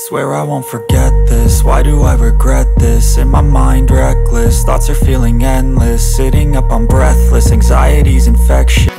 Swear I won't forget this, why do I regret this? In my mind reckless, thoughts are feeling endless Sitting up, I'm breathless, anxiety's infectious